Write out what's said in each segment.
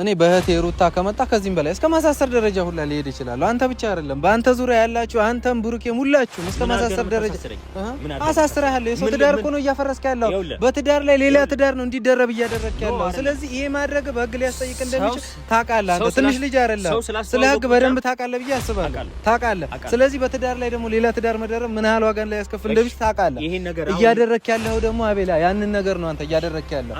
እኔ በእህቴ ሩታ ከመጣ ከዚህም በላይ እስከ ማሳሰር ደረጃ ሁላ ሊሄድ ይችላል። አንተ ብቻ አይደለም፣ በአንተ ዙሪያ ያላችሁ አንተም፣ ብሩኬም፣ ሁላችሁም እስከ ማሳሰር ደረጃ አሳስረሃለሁ። የሰው ትዳር እኮ ነው እያፈረስክ ያለው። በትዳር ላይ ሌላ ትዳር ነው እንዲደረብ እያደረግክ ያለው። ስለዚህ ይሄ ማድረግ በህግ ሊያስጠይቅ እንደሚችል ታውቃለህ። አንተ ትንሽ ልጅ አይደለም፣ ስለ ህግ በደንብ ታውቃለህ ብዬ አስባለሁ። ታውቃለህ። ስለዚህ በትዳር ላይ ደግሞ ሌላ ትዳር መደረብ ምን ያህል ዋጋን ላይ ያስከፍል እንደሚችል ታውቃለህ። እያደረግክ ያለው ደግሞ አቤላ ያንን ነገር ነው አንተ እያደረግክ ያለው።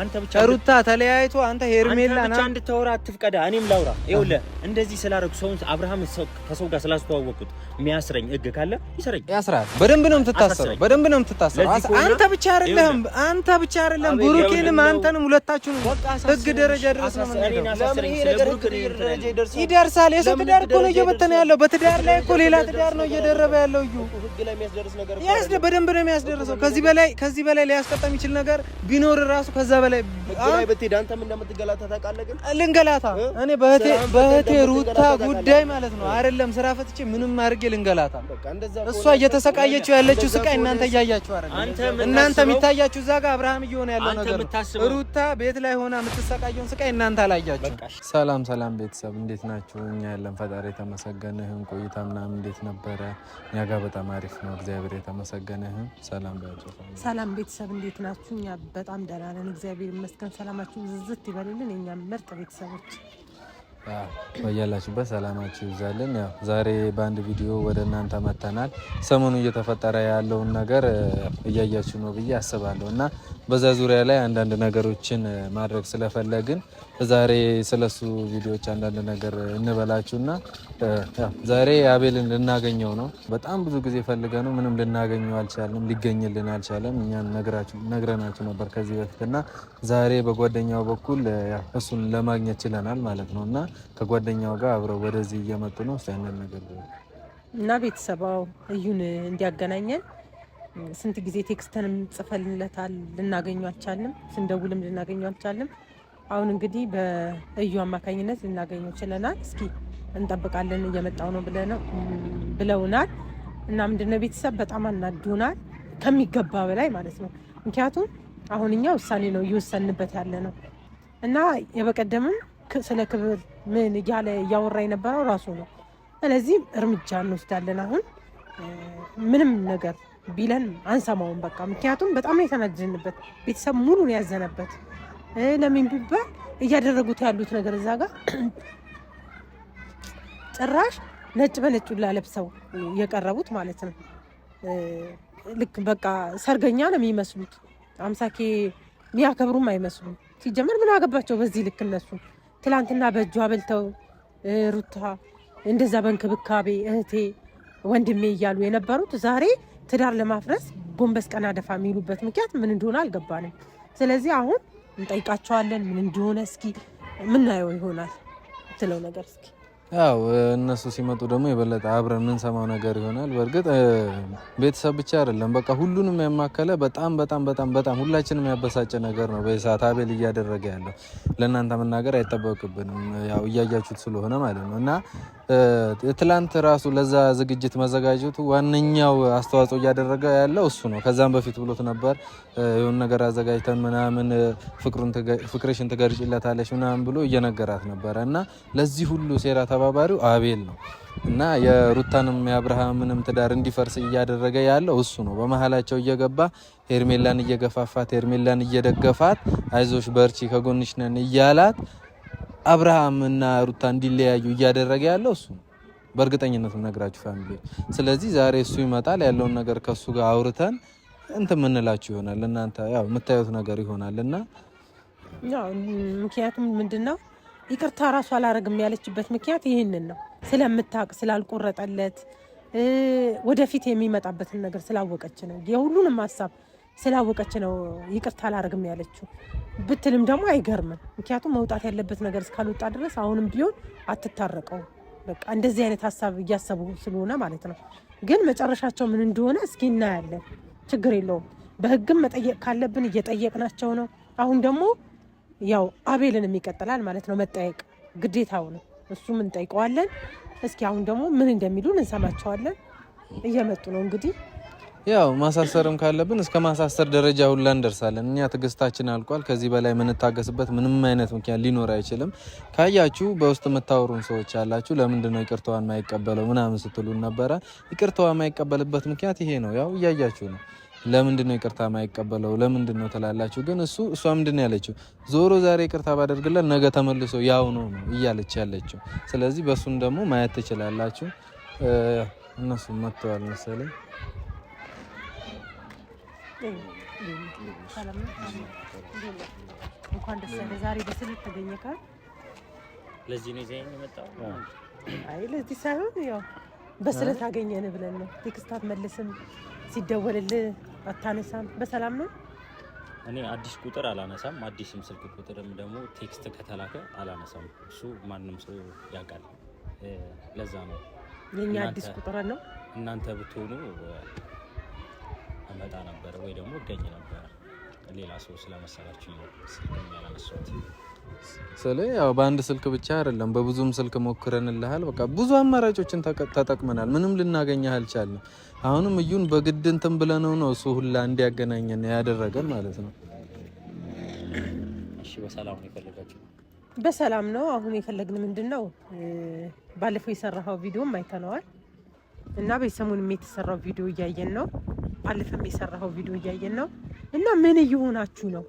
ሩታ ተለያይቶ አንተ ሄርሜላ ና እንድታወራ አትፍቀዳ፣ እኔም ላውራ። ይኸውልህ እንደዚህ ስላደረጉ ሰውን አብርሃም ከሰው ጋር ስላስተዋወቁት የሚያስረኝ ህግ ካለ ይሰረኝ። ያስራል። በደንብ ነው የምትታሰረው፣ በደንብ ነው የምትታሰረው። አንተ ብቻ አይደለህም፣ አንተ ብቻ አይደለህም፣ ብሩኬንም አንተንም ሁለታችሁን ህግ ደረጃ ድረስ ነው የምንሄደው። ይደርሳል። የሰው ትዳር እኮ ነው እየበተነ ያለው። በትዳር ላይ እኮ ሌላ ትዳር ነው እየደረበ ያለው። እዩ ያስደ በደንብ ነው የሚያስደርሰው። ከዚህ በላይ ከዚህ በላይ ሊያስቀጣ የሚችል ነገር ቢኖር ራሱ ከዛ በላይ ላይ ግን ልንገላታ እኔ በእህቴ ሩታ ጉዳይ ማለት ነው አይደለም፣ ስራ ፈትቼ ምንም አድርጌ ልንገላታ። እሷ እየተሰቃየችው ያለችው ስቃይ እናንተ እያያችሁ አይደለም። እናንተ የሚታያችሁ እዛ ጋር አብርሃም እየሆነ ያለው ነገር ሩታ ቤት ላይ ሆና የምትሰቃየውን ስቃይ እናንተ አላያችሁ። ሰላም ሰላም፣ ቤተሰብ እንዴት ናችሁ? እኛ ያለን ፈጣሪ የተመሰገነ ይሁን። ቆይታ ምናምን እንዴት ነበረ? እኛ ጋር በጣም አሪፍ ነው፣ እግዚአብሔር የተመሰገነ ይሁን። ሰላም ባያችሁ። ሰላም ቤተሰብ እንዴት ናችሁ? እኛ በጣም ደህና ነን፣ እግዚአብሔር ይመስገን። ሰላማችሁ ዝዝት ይበልልን። እኛ ምርጥ ቤተሰብ আচ্ছা በያላችሁበት ሰላማችሁ ይብዛልን። ያው ዛሬ በአንድ ቪዲዮ ወደ እናንተ መጥተናል። ሰሞኑ እየተፈጠረ ያለውን ነገር እያያችሁ ነው ብዬ አስባለሁ እና በዛ ዙሪያ ላይ አንዳንድ ነገሮችን ማድረግ ስለፈለግን ዛሬ ስለሱ ቪዲዮዎች አንዳንድ ነገር እንበላችሁ እና ዛሬ አቤልን ልናገኘው ነው። በጣም ብዙ ጊዜ ነው፣ ምንም ልናገኘው አልቻለም፣ ሊገኝልን አልቻለም። እኛን ነግረናችሁ ነበር ከዚህ በፊት እና ዛሬ በጓደኛው በኩል እሱን ለማግኘት ችለናል ማለት ነው እና ከጓደኛዋ ጋር አብረው ወደዚህ እየመጡ ነው። እስኪ ያንን ነገር እና ቤተሰባው እዩን እንዲያገናኘን ስንት ጊዜ ቴክስተንም ጽፈልንለታል፣ ልናገኙ አልቻልንም። ስንደውልም ልናገኙ አልቻልንም። አሁን እንግዲህ በእዩ አማካኝነት ልናገኘው ችለናል። እስኪ እንጠብቃለን እየመጣው ነው ብለውናል። እና ምንድነው ቤተሰብ በጣም አናዱናል፣ ከሚገባ በላይ ማለት ነው። ምክንያቱም አሁን እኛ ውሳኔ ነው እየወሰንበት ያለ ነው እና የበቀደምም ስለ ክብር ምን እያለ እያወራ የነበረው ራሱ ነው። ስለዚህ እርምጃ እንወስዳለን። አሁን ምንም ነገር ቢለን አንሰማውም በቃ። ምክንያቱም በጣም ነው የተናደድንበት፣ ቤተሰብ ሙሉ ነው ያዘነበት። ለምን ቢባል እያደረጉት ያሉት ነገር እዛ ጋር ጭራሽ ነጭ በነጭ ላ ለብሰው የቀረቡት ማለት ነው። ልክ በቃ ሰርገኛ ነው የሚመስሉት። አምሳኬ የሚያከብሩም አይመስሉም። ሲጀመር ምን አገባቸው በዚህ ልክ እነሱ ትላንትና በእጇ በልተው ሩታ እንደዛ በእንክብካቤ እህቴ ወንድሜ እያሉ የነበሩት ዛሬ ትዳር ለማፍረስ ጎንበስ ቀና ደፋ የሚሉበት ምክንያት ምን እንደሆነ አልገባንም። ስለዚህ አሁን እንጠይቃቸዋለን ምን እንደሆነ እስኪ ምናየው ይሆናል ትለው ነገር እስኪ ያው እነሱ ሲመጡ ደግሞ የበለጠ አብረን የምንሰማው ነገር ይሆናል። በእርግጥ ቤተሰብ ብቻ አይደለም፣ በቃ ሁሉንም ያማከለ በጣም በጣም በጣም በጣም ሁላችንም ያበሳጨ ነገር ነው በሰዓት አቤል እያደረገ ያለው። ለእናንተ መናገር አይጠበቅብንም፣ ያው እያያችሁት ስለሆነ ማለት ነው እና ትላንት ራሱ ለዛ ዝግጅት መዘጋጀቱ ዋነኛው አስተዋጽኦ እያደረገ ያለው እሱ ነው። ከዛም በፊት ብሎት ነበር የሆነ ነገር አዘጋጅተን ምናምን ፍቅርሽን ትገርጭለታለች ምናምን ብሎ እየነገራት ነበረ እና ለዚህ ሁሉ ሴራ ተባባሪው አቤል ነው እና የሩታንም የአብርሃምንም ትዳር እንዲፈርስ እያደረገ ያለው እሱ ነው። በመሀላቸው እየገባ ሄርሜላን እየገፋፋት ሄርሜላን እየደገፋት አይዞሽ በርቺ ከጎንሽ ነን እያላት አብርሃም እና ሩታ እንዲለያዩ እያደረገ ያለው እሱ በእርግጠኝነት ነግራችሁ ፋሚሊ። ስለዚህ ዛሬ እሱ ይመጣል ያለውን ነገር ከሱ ጋር አውርተን እንትን የምንላችሁ ይሆናል። እናንተ ያው የምታዩት ነገር ይሆናል እና ምክንያቱም ምንድን ነው ይቅርታ ራሱ አላረግም ያለችበት ምክንያት ይህንን ነው ስለምታውቅ ስላልቆረጠለት ወደፊት የሚመጣበትን ነገር ስላወቀች ነው የሁሉንም ሀሳብ ስላወቀች ነው ይቅርታ አላደርግም ያለችው ብትልም ደግሞ አይገርምም። ምክንያቱም መውጣት ያለበት ነገር እስካልወጣ ድረስ አሁንም ቢሆን አትታረቀው። በቃ እንደዚህ አይነት ሀሳብ እያሰቡ ስለሆነ ማለት ነው። ግን መጨረሻቸው ምን እንደሆነ እስኪ እናያለን። ችግር የለውም። በህግም መጠየቅ ካለብን እየጠየቅናቸው ነው። አሁን ደግሞ ያው አቤልንም ይቀጥላል ማለት ነው። መጠየቅ ግዴታው ነው። እሱም እንጠይቀዋለን። እስኪ አሁን ደግሞ ምን እንደሚሉን እንሰማቸዋለን። እየመጡ ነው እንግዲህ ያው ማሳሰርም ካለብን እስከ ማሳሰር ደረጃ ሁላ እንደርሳለን። እኛ ትግስታችን አልቋል። ከዚህ በላይ የምንታገስበት ምንም አይነት ምክንያት ሊኖር አይችልም። ካያችሁ በውስጥ የምታወሩን ሰዎች አላችሁ ለምንድን ነው ይቅርታዋን የማይቀበለው ምናምን ስትሉን ነበረ። ይቅርታዋ የማይቀበልበት ምክንያት ይሄ ነው። ያው እያያችሁ ነው። ለምንድን ነው ይቅርታ የማይቀበለው ለምንድን ነው ትላላችሁ። ግን እሱ እሷ ምንድን ያለችው ዞሮ ዛሬ ይቅርታ ባደርግለት ነገ ተመልሶ ያው ነው ነው እያለች ያለችው። ስለዚህ በእሱን ደግሞ ማየት ትችላላችሁ። እነሱ መጥተዋል መሰለኝ እንኳን ደስ ያለህ። ዛሬ በስልክ ተገኘህ ለዚህ ነው ይዘኸኝ የመጣው። አይ ለዚህ ሳይሆን ያው በስልክ አገኘን ብለን ነው። ቴክስት አትመልስም፣ ሲደወልልህ አታነሳም። በሰላም ነው። እኔ አዲስ ቁጥር አላነሳም። አዲስም ስልክ ቁጥርም ደግሞ ቴክስት ከተላከ አላነሳም። እሱ ማንም ሰው ያውቃል። ለዛ ነው የኛ አዲስ ቁጥር ነው። እናንተ ብትሆኑ መጣ ነበር ወይ ደግሞ እገኝ ነበር። ሌላ ሰው ስለመሰላችሁ ነው ስልክም ያላነሳሁት። ስለ ያው በአንድ ስልክ ብቻ አይደለም በብዙም ስልክ ሞክረንልሃል። በቃ ብዙ አማራጮችን ተጠቅመናል። ምንም ልናገኝ አልቻልንም። አሁንም እዩን በግድ እንትን ብለነው ነው እሱ ሁላ እንዲያገናኘን ያደረገን ማለት ነው። እሺ በሰላም ነው የፈለጋችሁ? በሰላም ነው። አሁን የፈለግን ምንድን ነው ባለፈው የሰራኸው ቪዲዮም አይተነዋል። እና ቤተሰሙንም የተሰራው ቪዲዮ እያየን ነው። አልፈም የሰራኸው ቪዲዮ እያየን ነው። እና ምን እየሆናችሁ ነው?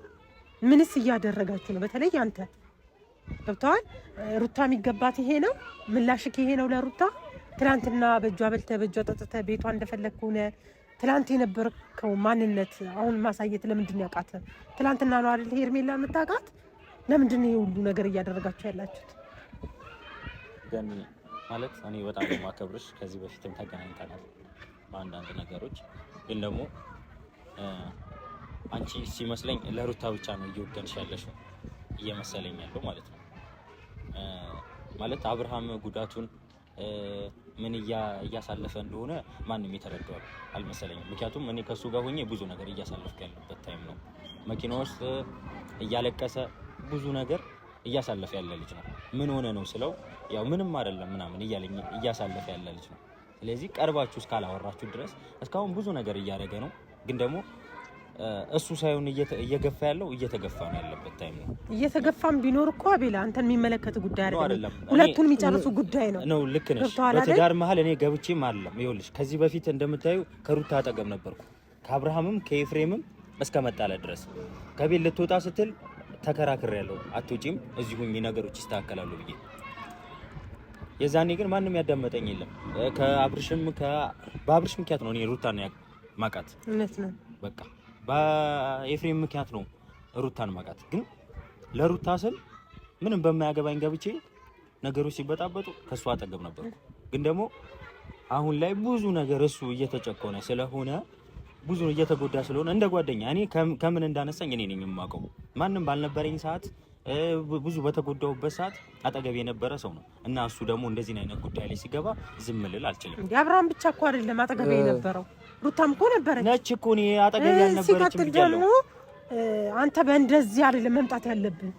ምንስ እያደረጋችሁ ነው? በተለይ አንተ ገብተዋል። ሩታ የሚገባት ይሄ ነው። ምላሽክ ይሄ ነው ለሩታ። ትናንትና በእጇ በልተ በእጇ ጠጥተ ቤቷ እንደፈለግ ሆነ። ትላንት የነበርከው ማንነት አሁን ማሳየት ለምንድን ያውቃት? ትላንትና ነው አይደል ሄርሜላ የምታውቃት? ለምንድን ነው ይሄ ሁሉ ነገር እያደረጋችሁ ያላችሁት? ማለት እኔ በጣም የማከብርሽ ከዚህ በፊትም ተገናኝተናል በአንዳንድ ነገሮች። ግን ደግሞ አንቺ ሲመስለኝ ለሩታ ብቻ ነው እየወገንሽ ያለሽ እየመሰለኝ ያለው ማለት ነው። ማለት አብርሃም ጉዳቱን ምን እያሳለፈ እንደሆነ ማንም የተረዳዋል አልመሰለኝም። ምክንያቱም እኔ ከሱ ጋር ሆኜ ብዙ ነገር እያሳለፍኩ ያለበት ታይም ነው። መኪና ውስጥ እያለቀሰ ብዙ ነገር እያሳለፈ ያለ ልጅ ነው። ምን ሆነ ነው ስለው ያው ምንም አይደለም ምናምን እያለኝ እያሳለፈ ያለ ልጅ ነው። ስለዚህ ቀርባችሁ እስካላወራችሁ ድረስ እስካሁን ብዙ ነገር እያደረገ ነው፣ ግን ደግሞ እሱ ሳይሆን እየገፋ ያለው እየተገፋ ነው ያለበት ታይም ነው። እየተገፋም ቢኖር እኮ አቤላ አንተን የሚመለከት ጉዳይ አይደለም፣ ሁለቱን የሚጨርሱ ጉዳይ ነው ነው። ልክ ነሽ። በትዳር መሀል እኔ ገብቼም አለም። ይኸውልሽ ከዚህ በፊት እንደምታዩ ከሩታ አጠገብ ነበርኩ ከአብርሃምም ከኤፍሬምም እስከመጣለ ድረስ ከቤት ልትወጣ ስትል ተከራክር ያለው አትውጪም፣ እዚሁ ነገሮች ይስተካከላሉ ብዬ የዛኔ ግን ማንም ያዳመጠኝ የለም። ከአብርሽም በአብርሽ ምክንያት ነው እኔ ሩታን ማቃት እውነት ነው። በቃ በኤፍሬም ምክንያት ነው ሩታን ማቃት። ግን ለሩታ ስል ምንም በማያገባኝ ገብቼ ነገሮች ሲበጣበጡ ከእሱ አጠገብ ነበርኩ። ግን ደግሞ አሁን ላይ ብዙ ነገር እሱ እየተጨቆነ ስለሆነ ብዙ እየተጎዳ ስለሆነ እንደ ጓደኛ እኔ ከምን እንዳነሳኝ እኔ ነኝ የማውቀው። ማንም ባልነበረኝ ሰዓት ብዙ በተጎዳውበት ሰዓት አጠገብ የነበረ ሰው ነው እና እሱ ደግሞ እንደዚህ አይነት ጉዳይ ላይ ሲገባ ዝም ልል አልችልም። አብርሃም ብቻ እኮ አይደለም አጠገብ የነበረው ሩታም እኮ ነበረች ነች እኮ እኔ አጠገብ ያልነበረች ደግሞ አንተ በእንደዚህ አይደለም መምጣት ያለብን።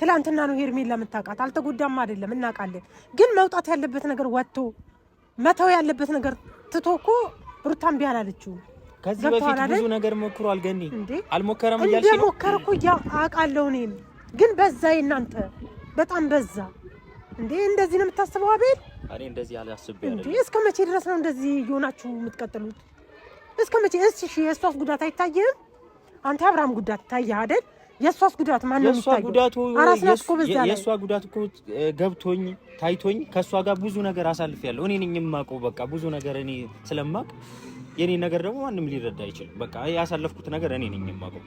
ትላንትና ነው ሄርሜን የምታውቃት አልተጎዳም አይደለም እናውቃለን። ግን መውጣት ያለበት ነገር ወጥቶ መተው ያለበት ነገር ትቶ እኮ ሩታም ቢያላለችውም። ከዚህ በፊት ብዙ ነገር ሞክሯል። ገኒ አልሞከረም እያልሽ ነው? እንደሞከረ እኮ አውቃለሁ። እኔም ግን በዛ የእናንተ በጣም በዛ እንዴ። እንደዚህ ነው የምታስበው? አቤል እኔ እንደዚህ አላስብ። እንዴ እስከ መቼ ድረስ ነው እንደዚህ እየሆናችሁ የምትቀጥሉት? እስከ መቼ? እሺ የእሷስ ጉዳት አይታየህም? አንተ አብርሃም ጉዳት ይታየህ አይደል? የእሷስ ጉዳት ማን ነው የሚታየው? የእሷ ጉዳት እኮ ገብቶኝ ታይቶኝ ከእሷ ጋር ብዙ ነገር አሳልፌያለሁ። እኔ ነኝ የማውቀው። በቃ ብዙ ነገር እኔ ስለማውቅ የኔ ነገር ደግሞ ማንም ሊረዳ አይችልም። በቃ ያሳለፍኩት ነገር እኔ ነኝ የማውቀው።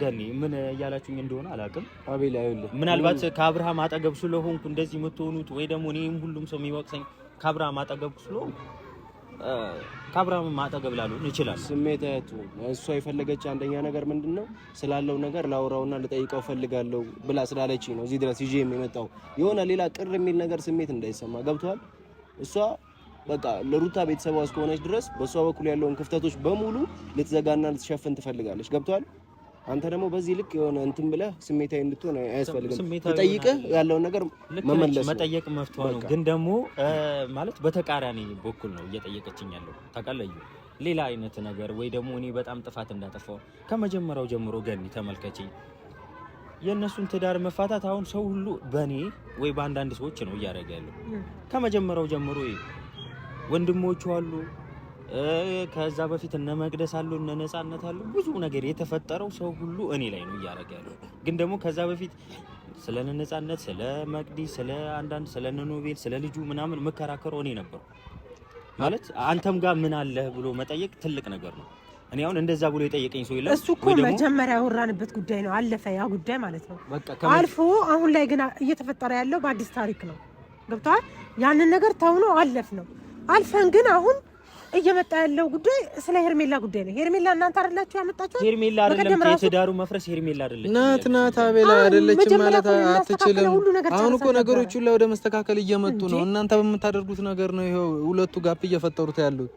ገኒ ምን እያላችሁኝ እንደሆነ አላውቅም። አቤል አይውልህ ምናልባት ከአብርሃም አጠገብ ስለሆንኩ እንደዚህ የምትሆኑት ወይ ደግሞ እኔም ሁሉም ሰው የሚወቅሰኝ ከአብርሃም አጠገብ ስለሆንኩ ከአብርሃም አጠገብ ላሉ ይችላል። ስሜት አያቱ እሷ የፈለገች አንደኛ ነገር ምንድን ነው ስላለው ነገር ላውራውና ልጠይቀው ፈልጋለው ብላ ስላለች ነው እዚህ ድረስ ይዤ የሚመጣው የሆነ ሌላ ቅር የሚል ነገር ስሜት እንዳይሰማ ገብቷል እሷ በቃ ለሩታ ቤተሰቧ እስከሆነች ድረስ በእሷ በኩል ያለውን ክፍተቶች በሙሉ ልትዘጋና ልትሸፍን ትፈልጋለች። ገብቷል። አንተ ደግሞ በዚህ ልክ የሆነ እንትን ብለህ ስሜታዊ እንድትሆን አያስፈልግም። ጠይቅህ ያለውን ነገር መመለስ መጠየቅ መፍትሄ ነው። ግን ደግሞ ማለት በተቃራኒ በኩል ነው እየጠየቀችኝ ያለው ታውቃለህ። ሌላ አይነት ነገር ወይ ደግሞ እኔ በጣም ጥፋት እንዳጠፋው ከመጀመሪያው ጀምሮ ገኒ ተመልከችኝ። የእነሱን ትዳር መፋታት አሁን ሰው ሁሉ በእኔ ወይ በአንዳንድ ሰዎች ነው እያደረገ ያለው ከመጀመሪያው ጀምሮ ወንድሞቹ አሉ። ከዛ በፊት እነ መቅደስ አሉ፣ እነ ነፃነት አሉ። ብዙ ነገር የተፈጠረው ሰው ሁሉ እኔ ላይ ነው እያደረገ ያለው። ግን ደግሞ ከዛ በፊት ስለ ነፃነት፣ ስለ መቅዲ፣ ስለ አንዳንድ ስለ ኖቤል፣ ስለ ልጁ ምናምን መከራከረው እኔ ነበሩ። ማለት አንተም ጋር ምን አለህ ብሎ መጠየቅ ትልቅ ነገር ነው። እኔ አሁን እንደዛ ብሎ የጠየቀኝ ሰው የለም። እሱ እኮ መጀመሪያ ያወራንበት ጉዳይ ነው፣ አለፈ ያ ጉዳይ ማለት ነው አልፎ። አሁን ላይ ግን እየተፈጠረ ያለው በአዲስ ታሪክ ነው። ገብቷል። ያንን ነገር ተውኖ አለፍ ነው الفنجان اهم እየመጣ ያለው ጉዳይ ስለ ሄርሜላ ጉዳይ ነው። ሄርሜላ እናንተ አይደላችሁ ያመጣችኋት። ሄርሜላ አይደለም የትዳሩ መፍረስ ሄርሜላ አይደለም ናት ናት አቤላ አይደለች ማለት አትችልም። አሁን እኮ ነገሮች ላይ ወደ መስተካከል እየመጡ ነው። እናንተ በምታደርጉት ነገር ነው ይሄው ሁለቱ ጋፕ እየፈጠሩት ያሉት።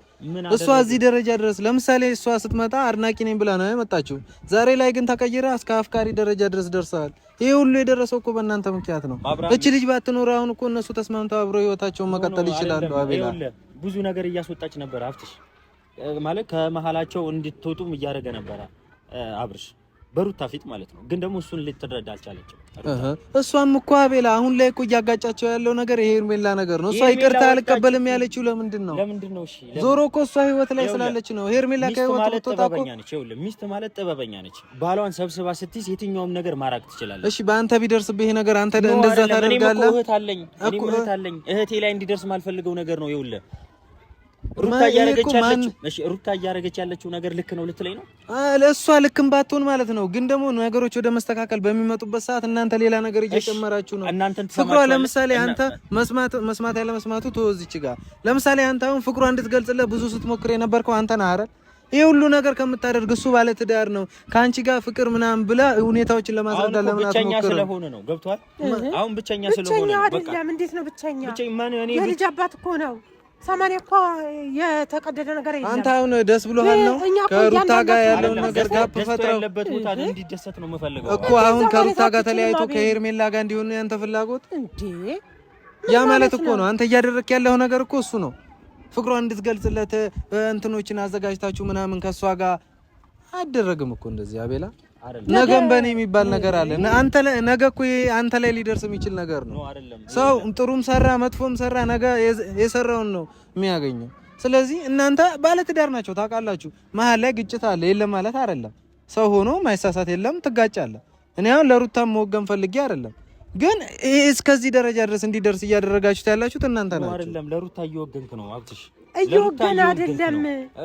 እሷ እዚህ ደረጃ ድረስ ለምሳሌ እሷ ስትመጣ አድናቂ ነኝ ብላ ነው የመጣችው። ዛሬ ላይ ግን ተቀይረ እስከ አፍቃሪ ደረጃ ድረስ ደርሰዋል። ይሄ ሁሉ የደረሰው እኮ በእናንተ ምክንያት ነው። እች ልጅ ባትኖር አሁን እኮ እነሱ ተስማምተው አብረው ህይወታቸውን መቀጠል ይችላሉ። አቤላ ብዙ ነገር እያስወጣች ነበር። አፍትሽ ማለት ከመሀላቸው እንድትወጡም እያደረገ ነበረ አብርሽ በሩታ ፊት ማለት ነው። ግን ደግሞ እሱን ልትረዳ አልቻለችም። እሷም እኮ አቤላ አሁን ላይ እኮ እያጋጫቸው ያለው ነገር ይሄ ሄርሜላ ነገር ነው። እሷ ይቅርታ አልቀበልም ያለችው ለምንድን ነው? ዞሮ እኮ እሷ ህይወት ላይ ስላለች ነው። ሄርሜላ ከህይወት ልትወጣቆ ሚስት ማለት ጥበበኛ ነች። ባሏን ሰብስባ ስትይዝ የትኛውም ነገር ማራቅ ትችላለች። እሺ በአንተ ቢደርስብህ ይሄ ነገር አንተ እንደዛ ታደርጋለህ? እህት አለኝ እህቴ ላይ እንዲደርስ ማልፈልገው ነገር ነው። ይኸውልህ ሩታ እያደረገች ያለችው ነገር ልክ ነው ልትለኝ ነው? ለእሷ ልክም ባትሆን ማለት ነው። ግን ደግሞ ነገሮች ወደ መስተካከል በሚመጡበት ሰዓት እናንተ ሌላ ነገር እየጨመራችሁ ነው። ፍቅሯ ለምሳሌ አንተ መስማት መስማት ያለ መስማቱ ተወዝች ጋር ለምሳሌ አንተ አሁን ፍቅሯ እንድትገልጽለት ብዙ ስትሞክር የነበርከው አንተ ነህ አይደል? ይህ ሁሉ ነገር ከምታደርግ እሱ ባለ ትዳር ነው ከአንቺ ጋር ፍቅር ምናምን ብላ ሁኔታዎችን ለማስረዳት ለምን ብቸኛ ስለሆነ ነው። ገብቷል። አሁን ብቸኛ ስለሆነ ነው። ብቸኛ አይደለም። እንዴት ነው ብቸኛ? የልጅ አባት እኮ ነው ሰማንያ እኮ የተቀደደ ነገር የለም። አንተ አሁን ደስ ብሎሃል ነው? ከሩታ ጋር ያለውን ነገር ፈጥረው እንዲደሰት ነው የምፈልገው እኮ አሁን ከሩታ ጋር ተለያይቶ ከሄርሜላ ጋር እንዲሆን ያንተ ፍላጎት እንዴ? ያ ማለት እኮ ነው አንተ እያደረክ ያለው ነገር እኮ እሱ ነው። ፍቅሯን እንድትገልጽለት እንትኖችን አዘጋጅታችሁ ምናምን ከእሷ ጋር አደረግም እኮ እንደዚህ አቤላ ነገም በእኔ የሚባል ነገር አለ። አንተ ላይ ነገ እኮ አንተ ላይ ሊደርስ የሚችል ነገር ነው። ሰው ጥሩም ሰራ መጥፎም ሰራ ነገ የሰራውን ነው የሚያገኘው። ስለዚህ እናንተ ባለትዳር ናቸው ታውቃላችሁ። መሀል ላይ ግጭት አለ። የለም ማለት አይደለም። ሰው ሆኖ ማይሳሳት የለም። ትጋጫለ። እኔ አሁን ለሩታም መወገን ፈልጌ አይደለም ግን እስከዚህ ደረጃ ድረስ እንዲደርስ እያደረጋችሁት ያላችሁት እናንተ ናቸው። አይደለም ለሩታ እየወገንክ ነው። አብትሽ እየወገን አይደለም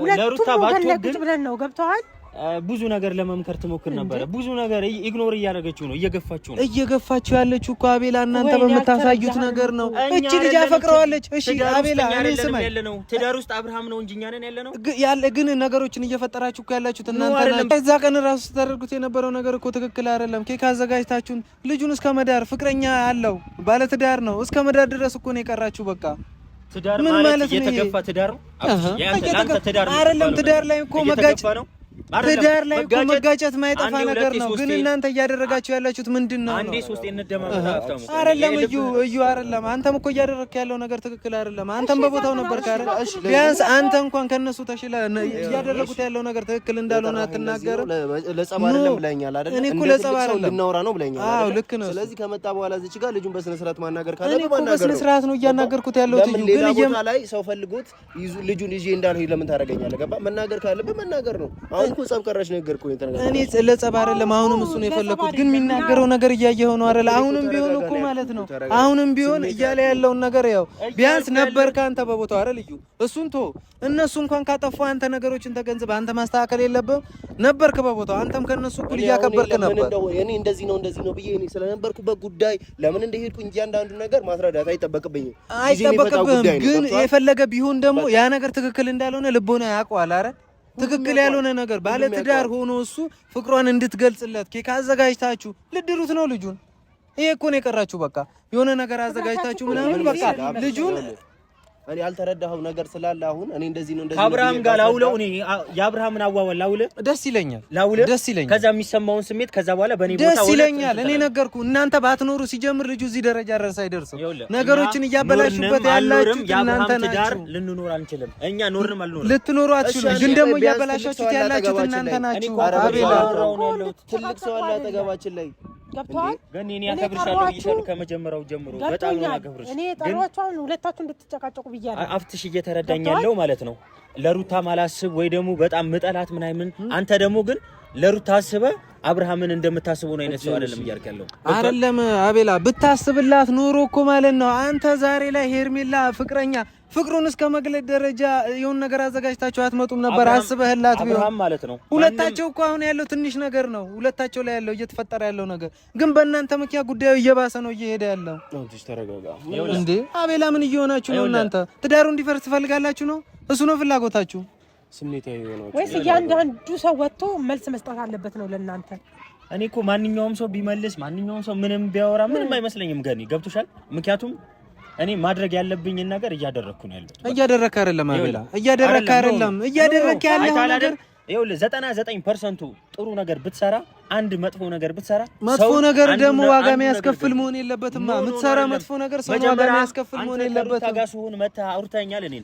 ሁለቱም ወገን ብለን ነው ገብተዋል ብዙ ነገር ለመምከር ትሞክር ነበረ። ብዙ ነገር ኢግኖር እያደረገችው ነው፣ እየገፋችው ነው። እየገፋችው ያለችው እኮ አቤላ፣ እናንተ በምታሳዩት ነገር ነው። እቺ ልጅ አፈቅረዋለች። እሺ አቤላ፣ እኔ ስማኝ፣ ትዳር ውስጥ አብርሃም ነው እንጂ እኛ ነን ያለ ነው ያለ። ግን ነገሮችን እየፈጠራችሁ እኮ ያላችሁት እናንተ። እዛ ቀን ራሱ ስታደርጉት የነበረው ነገር እኮ ትክክል አይደለም። ኬክ አዘጋጅታችሁን ልጁን እስከ መዳር ፍቅረኛ አለው ባለትዳር ነው እስከ መዳር ድረስ እኮ ነው የቀራችሁ በቃ ምን ማለት ነው? የተገፋ ትዳር ነው አይደለም። ትዳር ላይ እኮ መጋጭ ነው ትዳር ላይ እኮ መጋጨት ማይጠፋ ነገር ነው። ግን እናንተ እያደረጋችሁ ያላችሁት ምንድን ነው? አንዴ ሶስቴ አይደለም። እዩ እዩ፣ አይደለም። አንተም እኮ እያደረግክ ያለው ነገር ትክክል አይደለም። አንተም በቦታው ነበር። ካረ ቢያንስ አንተ እንኳን ከነሱ ተሽለ እያደረጉት ያለው ነገር ትክክል እንዳልሆነ አትናገርም። ለጸብ አይደለም ብለኛል አይደል? እኔ እኮ ለጸብ አይደለም ልናወራ ነው ብለኛል። አዎ ልክ ነው። ስለዚህ ከመጣ በኋላ እዚች ጋር ልጁን በስነ ስርዓት ማናገር ካለ ነው ማናገር። በስነ ስርዓት ነው እያናገርኩት ያለው። እዩ ግን ቦታ ላይ ሰው ፈልጎት ልጁን ይዤ እንዳልሆነ ለምን ታደርገኛለህ? ገባ መናገር ካለ መናገር ነው አሁን እኮ ጸብ ቀራሽ ነገር እኮ እኔ ለጸብ አይደለም። አሁንም እሱ ነው የፈለኩት፣ ግን የሚናገረው ነገር እያየኸው ነው አይደለ? አሁንም ቢሆን እኮ ማለት ነው አሁንም ቢሆን እያለ ያለውን ነገር ያው ቢያንስ ነበር ከአንተ በቦታው አይደል? እዩ እሱን ቶ እነሱ እንኳን ካጠፉ አንተ ነገሮችን ተገንዝበህ አንተ ማስተካከል የለብህም ነበር ከበቦታው አንተም ከነሱ እኩል እያከበርክ ነበር። እኔ እንደዚህ ነው እንደዚህ ነው ብዬ እኔ ስለነበርኩበት ጉዳይ ለምን እንደሄድኩ እንጂ አንዳንዱ ነገር ማስረዳት አይጠበቅብኝም አይጠበቅብህም። ግን የፈለገ ቢሆን ደግሞ ያ ነገር ትክክል እንዳልሆነ ልቦና ያውቀዋል። አረ ትክክል ያልሆነ ነገር ባለትዳር ሆኖ እሱ ፍቅሯን እንድትገልጽለት ኬክ አዘጋጅታችሁ ልድሩት ነው ልጁን። ይሄ እኮ ነው የቀራችሁ። በቃ የሆነ ነገር አዘጋጅታችሁ ምናምን በቃ ልጁን እኔ ያልተረዳኸው ነገር ስላለ አሁን እኔ እንደዚህ ነው እንደዚህ ከአብርሃም ጋር ላውለው። እኔ የአብርሃምን አዋዋል ላውልህ ደስ ይለኛል፣ ላውልህ ደስ ይለኛል። ከዛ የሚሰማውን ስሜት ከዛ በኋላ በእኔ ቦታ ደስ ይለኛል። እኔ ነገርኩ እናንተ ባትኖሩ ሲጀምር ልጁ እዚህ ደረጃ ድረስ አይደርስም። ነገሮችን እያበላሹበት ያላችሁት እናንተ ናችሁ። ልንኖር አንችልም እኛ ኖርንም አልኖርም፣ ልትኖሩ አትችሉም። ግን ደግሞ እያበላሻችሁት ያላችሁት እናንተ ናችሁ። አቤላ ትልቅ ሰው አለ አጠገባችን ላይ ገብቷል። ግን እኔ አከብርሻለሁ ብዬሻለሁ ከመጀመሪያው ጀምሮ በጣም ነው አከብርሽ። እኔ ጠሯችሁ አሁን ሁለታችሁ እንድትጨቃጨቁ ብያለሁ። አፍትሽ እየተረዳኝ ማለት ነው ለሩታ ማላስብ ወይ ደግሞ በጣም ምጠላት ምናምን አንተ ደግሞ ግን ለሩት ታስበ አብርሃምን እንደምታስቡ ነው አይነት ሰው አይደለም እያልክ ያለው አይደለም። አቤላ ብታስብላት ኑሮ እኮ ማለት ነው። አንተ ዛሬ ላይ ሄርሜላ ፍቅረኛ ፍቅሩን እስከ መግለጥ ደረጃ የሆን ነገር አዘጋጅታችሁ አትመጡም ነበር? አስበህላት ቢሆን ማለት ነው። ሁለታቸው እኮ አሁን ያለው ትንሽ ነገር ነው፣ ሁለታቸው ላይ ያለው እየተፈጠረ ያለው ነገር ግን በእናንተ መኪያ ጉዳዩ እየባሰ ነው እየሄደ ያለው። እንዴ አቤላ ምን እየሆናችሁ ነው እናንተ? ትዳሩ እንዲፈርስ ትፈልጋላችሁ ነው? እሱ ነው ፍላጎታችሁ? ስሜታዊ ሆናችሁ ወይስ እያንዳንዱ ሰው ወጥቶ መልስ መስጠት አለበት ነው ለእናንተ? እኔ እኮ ማንኛውም ሰው ቢመልስ ማንኛውም ሰው ምንም ቢያወራ ምንም አይመስለኝም። ገኒ ገብቶሻል? ምክንያቱም እኔ ማድረግ ያለብኝን ነገር እያደረግኩ ነው ያለሁት። እያደረክ አይደለም አቤላ፣ እያደረክ አይደለም። እያደረክ ያለው ነገር ይኸውልህ፣ ዘጠና ዘጠኝ ፐርሰንቱ ጥሩ ነገር ብትሰራ አንድ መጥፎ ነገር ብትሰራ መጥፎ ነገር ደግሞ ዋጋ የሚያስከፍል መሆን የለበትም። የምትሰራ መጥፎ ነገር ሰው ዋጋ የሚያስከፍል መሆን የለበትም። ጋር ሲሆን መታ አውርታኛል። እኔ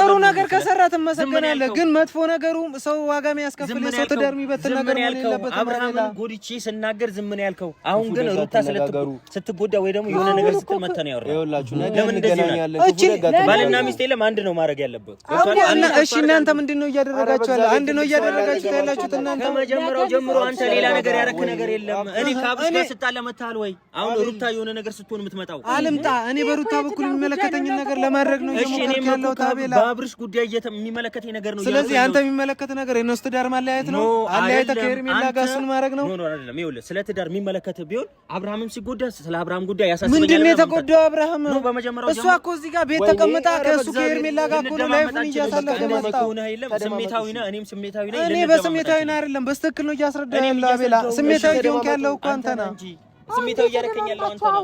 ጥሩ ነገር ከሰራ ትመሰገናለህ፣ ግን መጥፎ ነገሩ ሰው ዋጋ የሚያስከፍል ሰው ትዳር የሚበትን ነገር መሆን የለበትም። አብርሃም ጎድቼ ስናገር ዝም ነው ያልከው። አሁን ግን ሩታ ስትጎዳ ወይ ደግሞ የሆነ ነገር ስትል መታ ነው ያወራው። ለምን እንደዚህ ነው? ባልና ሚስት የለም አንድ ነው ማድረግ ያለበት። እሺ እናንተ ምንድን ነው እያደረጋችሁ ያለ? አንድ ነው እያደረጋችሁ ያላችሁት እናንተ ከመጀመሪያው ጀምሮ አንተ ሌላ ነገር ያረክ ነገር የለም። እኔ ከአብርሽ ጋር ስጣላ መታል ወይ? አሁን ሩታ የሆነ ነገር ስትሆን የምትመጣው አልምጣ። እኔ በሩታ በኩል የሚመለከተኝን ነገር ለማድረግ ነው እየሞከርኩ ያለሁት። ታቤላ በአብርሽ ጉዳይ የሚመለከተኝ ነገር ነው። ስለዚህ አንተ የሚመለከት ነገር የነሱ ትዳር ማለያየት ነው። አለያየት ከሄርሜላ ጋር እሱን ማድረግ ነው። ኖ አይደለም። ይኸውልህ ስለ ትዳር የሚመለከት ቢሆን አብርሃምም ሲጎዳ ስለ አብርሃም ጉዳይ ያሳስበኛል። ምንድን ነው የተጎዳው አብርሃም? እሷ እኮ እዚህ ጋር ቤት ተቀምጣ ከእሱ ከሄርሜላ ጋር እኮ ነው ላይፉን እያሳለፈ ነው። ስሜታዊ ነህ፣ እኔም ስሜታዊ ነኝ። እኔ በስሜታዊ ነህ አይደለም፣ በስትክክል ነው እያስረዳ ያለው ስሜታዊ እየሆንክ ያለው እኮ አንተ ነህ። ስሜታዊ እያደረከኝ ያለው አንተ ነህ።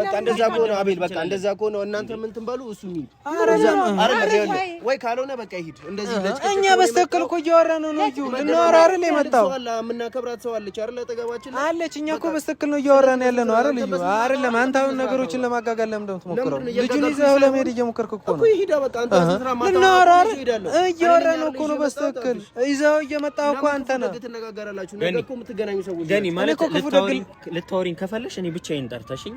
በቃ እንደዛ ከሆነ አቤል፣ በቃ እንደዛ ከሆነ እናንተ ምን ትንበሉ፣ እሱ ወይ ካልሆነ በቃ ይሂድ። እንደዚህ እኛ በስተክል እኮ እያወራን ነው ነው ልናወራ አይደል የመጣው። የምናከብራት ሰው አለች አይደል አጠገባችን አለች። እኛ እኮ በስተክል ነው እያወራን ያለ ነው አይደል ልዩ አይደለም። አንተ አሁን ነገሮችን ለማጋጋል ለምን እንደምትሞክረው ልጁን ይዘው ለመሄድ እየሞከርክ እኮ ነው። ልናወራ አይደል እያወራን ነው እኮ ነው። በስተክል ይዘው እየመጣህ እኮ አንተ ነህ። ልታወሪኝ ከፈለሽ እኔ ብቻዬን ጠርተሽኝ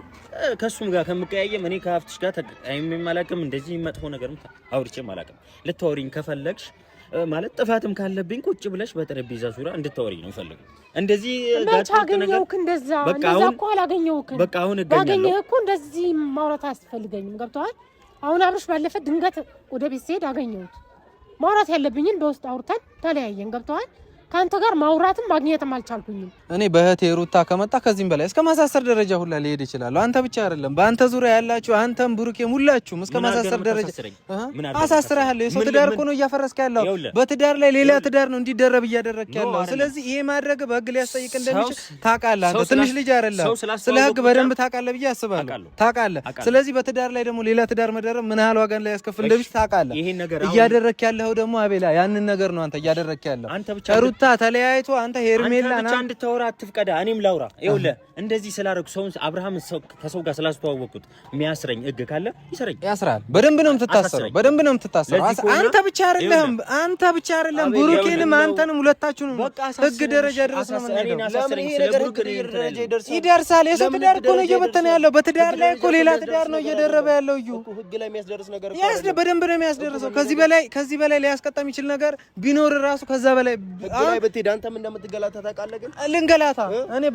ከእሱም ጋር ከምቀያየም እኔ ከሀብትሽ ጋር ተቀያይሜም አላውቅም። እንደዚህ መጥፎ ነገርም አውርቼም አላውቅም። ልታወሪኝ ከፈለግሽ ማለት ጥፋትም ካለብኝ ቁጭ ብለሽ በጠረጴዛ ዙሪያ እንድታወሪኝ ነው እፈልገው። እንደዚህ መች አገኘሁህ? እንደዛ እንደዛ እኮ አላገኘሁህም። በቃ አሁን ባገኘህ እኮ እንደዚህ ማውራት አያስፈልገኝም። ገብቶሃል? አሁን አብሮሽ ባለፈ ድንገት ወደ ቤት ስሄድ አገኘሁት። ማውራት ያለብኝን በውስጥ አውርተን ተለያየን። ገብቶሃል? ከአንተ ጋር ማውራትም ማግኘትም አልቻልኩኝም። እኔ በእህቴ ሩታ ከመጣ ከዚህም በላይ እስከ ማሳሰር ደረጃ ሁላ ሊሄድ ይችላል። አንተ ብቻ አይደለም፣ በአንተ ዙሪያ ያላችሁ አንተም፣ ብሩኬም፣ ሁላችሁም እስከ ማሳሰር ደረጃ አሳስረሃለሁ። የሰው ትዳር እኮ ነው እያፈረስክ ያለው። በትዳር ላይ ሌላ ትዳር ነው እንዲደረብ እያደረግክ ያለው። ስለዚህ ይሄ ማድረግ በህግ ሊያስጠይቅ እንደሚችል ታውቃለህ። አንተ ትንሽ ልጅ አይደለም፣ ስለ ህግ በደንብ ታውቃለህ ብዬ አስባለሁ። ታውቃለህ። ስለዚህ በትዳር ላይ ደግሞ ሌላ ትዳር መደረብ ምን ያህል ዋጋን ላይ ያስከፍል እንደሚችል ታውቃለህ። እያደረግክ ያለው ደግሞ አቤላ ያንን ነገር ነው አንተ እያደረግክ ያለው። ሩታ ተለያይቶ አንተ ሄርሜላ ና አውራ አትፍቀዳ፣ እኔም ላውራ። ይኸውልህ እንደዚህ ስላደረኩ ሰውን አብርሃም ከሰው ጋር ስላስተዋወቅኩት የሚያስረኝ ህግ ካለ ይሰረኝ። ያስራል። በደንብ ነው የምትታሰረው፣ በደንብ ነው የምትታሰረው። አንተ ብቻ አይደለህም፣ አንተ ብቻ አይደለህም፣ ብሩኬንም አንተንም ሁለታችሁንም ህግ ደረጃ ድረስ ነው ይደርሳል። የሰው ትዳር እኮ ነው እየበተነ ያለው። በትዳር ላይ እኮ ሌላ ትዳር ነው እየደረበ ያለው። እዩ በደንብ ነው የሚያስደርሰው። ከዚህ በላይ ከዚህ በላይ ሊያስቀጣ የሚችል ነገር ቢኖር ራሱ ከዛ በላይ ላይ ግን ልንገላታ እኔ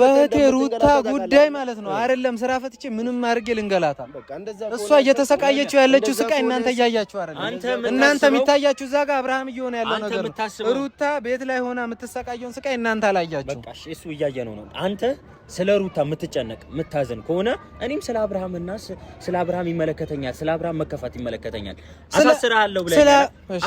በእህቴ ሩታ ጉዳይ ማለት ነው አይደለም፣ ስራ ፈትቼ ምንም አድርጌ ልንገላታ። እሷ እየተሰቃየችው ያለችው ስቃይ እናንተ እያያችሁ አይደለም። እናንተ የሚታያችሁ እዛ ጋር አብርሃም እየሆነ ያለው ነገር ነው። ሩታ ቤት ላይ ሆና የምትሰቃየውን ስቃይ እናንተ አላያችሁ። በቃ እሱ እያየ ነው ነው አንተ ስለ ሩታ የምትጨነቅ የምታዘን ከሆነ እኔም ስለ አብርሃምና ስለ አብርሃም ይመለከተኛል፣ ስለ አብርሃም መከፋት ይመለከተኛል። አሳስራለሁ ብለህ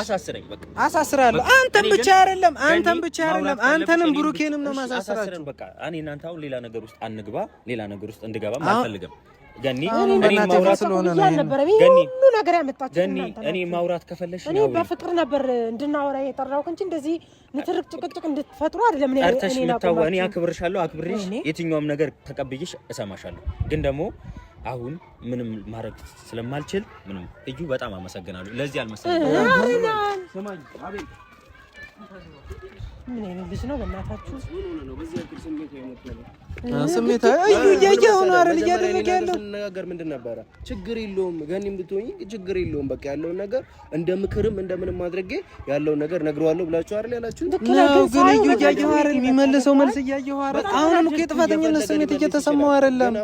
አሳስረኝ፣ በቃ አሳስራለሁ። አንተም ብቻ አይደለም አንተም ብቻ አይደለም አንተንም ብሩኬንም ነው አሳስረን በቃ እኔ እናንተ አሁን ሌላ ነገር ውስጥ አንግባ፣ ሌላ ነገር ውስጥ እንድገባም አልፈልግም። ገኒ እኔ ማውራት ከፈለሽ እኔ በፍቅር ነበር እንድናወራ የጠራሁት እንጂ እንደዚህ ንትርክ፣ ጭቅጭቅ እንድትፈጥሩ አይደለም። እኔ እኔ አክብርሻለሁ፣ አክብሬሽ የትኛውም ነገር ተቀብዬሽ እሰማሻለሁ። ግን ደግሞ አሁን ምንም ማድረግ ስለማልችል ምንም እዩ፣ በጣም አመሰግናለሁ። ለዚህ አልመሰግናለሁ። ምን አይነት ልጅ ነው በእናታችሁ? ስሜት እዩ ምንድን ነበረ? ችግር የለውም ገኒም ብትሆኝ ችግር የለውም በቃ ያለውን ነገር እንደ ምክርም እንደምንም አድርጌ ያለውን ነገር ነግረዋለሁ ብላችሁ አይደል ያላችሁ ነው። ግን እዩ እያየኸው አይደል? የሚመልሰው መልስ እያየኸው አይደል? አሁንም እኮ የጥፋተኝነት ስሜት እየተሰማው አይደለም።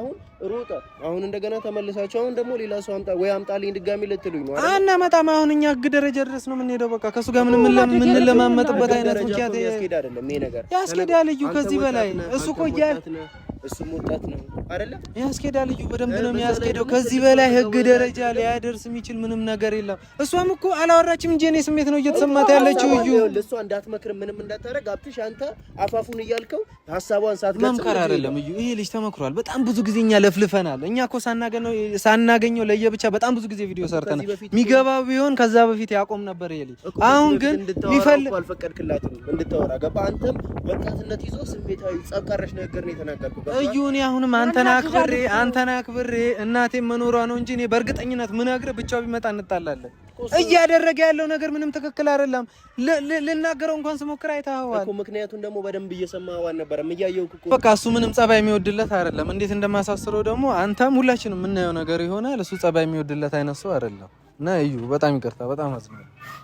ሮጣ አሁን እንደገና ተመልሳችሁ አሁን ደግሞ ሌላ ሰው አምጣ ወይ አምጣልኝ ድጋሚ ልትሉኝ ነው አና መጣም አሁን እኛ ህግ ደረጃ ድረስ ነው የምንሄደው። በቃ ከሱ ጋር ምንም የምንለማመጥበት አይነት ምክንያት ያስኬዳል። እዩ ከዚህ በላይ እሱ እኮ እያለ እሱም ወጣት ነው አይደለ? ያስኬዳል። ልጁ በደንብ ነው የሚያስኬደው። ከዚህ በላይ ህግ ደረጃ ሊያደርስ የሚችል ምንም ነገር የለም። እሷም እኮ አላወራችም እንጂ እኔ ስሜት ነው እየተሰማት ያለችው። እዩ እሷ እንዳትመክር ምንም እንዳታረግ አብትሽ አንተ አፋፉን እያልከው ሀሳቧን ሰዓት መምከር አይደለም እዩ። ይሄ ልጅ ተመክሯል። በጣም ብዙ ጊዜ እኛ ለፍልፈናል። እኛ እኮ ሳናገኘው ለየብቻ በጣም ብዙ ጊዜ ቪዲዮ ሰርተናል። የሚገባ ቢሆን ከዛ በፊት ያቆም ነበር ይሄ ልጅ። አሁን ግን ይፈልግ አልፈቀድክላትም እንድታወራ ገባ። አንተም ወጣትነት ይዞ ስሜታዊ ጸብ ቀረሽ ነገር ነው የተናገርኩበት እዩ እኔ አሁንም አንተን አክብሬ አንተን አክብሬ እናቴ መኖሯ ነው እንጂ እኔ በእርግጠኝነት ምነግርህ ብቻው ቢመጣ እንጣላለን። እያደረገ ያለው ነገር ምንም ትክክል አይደለም። ልናገረው እንኳን ስሞክር አይተኸዋል። ምክንያቱን ደግሞ በደንብ እየሰማኸው አልነበረም፣ እያየሁ እኮ በቃ። እሱ ምንም ጸባይ የሚወድለት አይደለም። እንዴት እንደማሳስረው ደግሞ አንተም ሁላችንም የምናየው ነገር ይሆናል። እሱ ጸባይ የሚወድለት አይነት ሰው አይደለም እና እዩ፣ በጣም ይቅርታ፣ በጣም አዝናለሁ።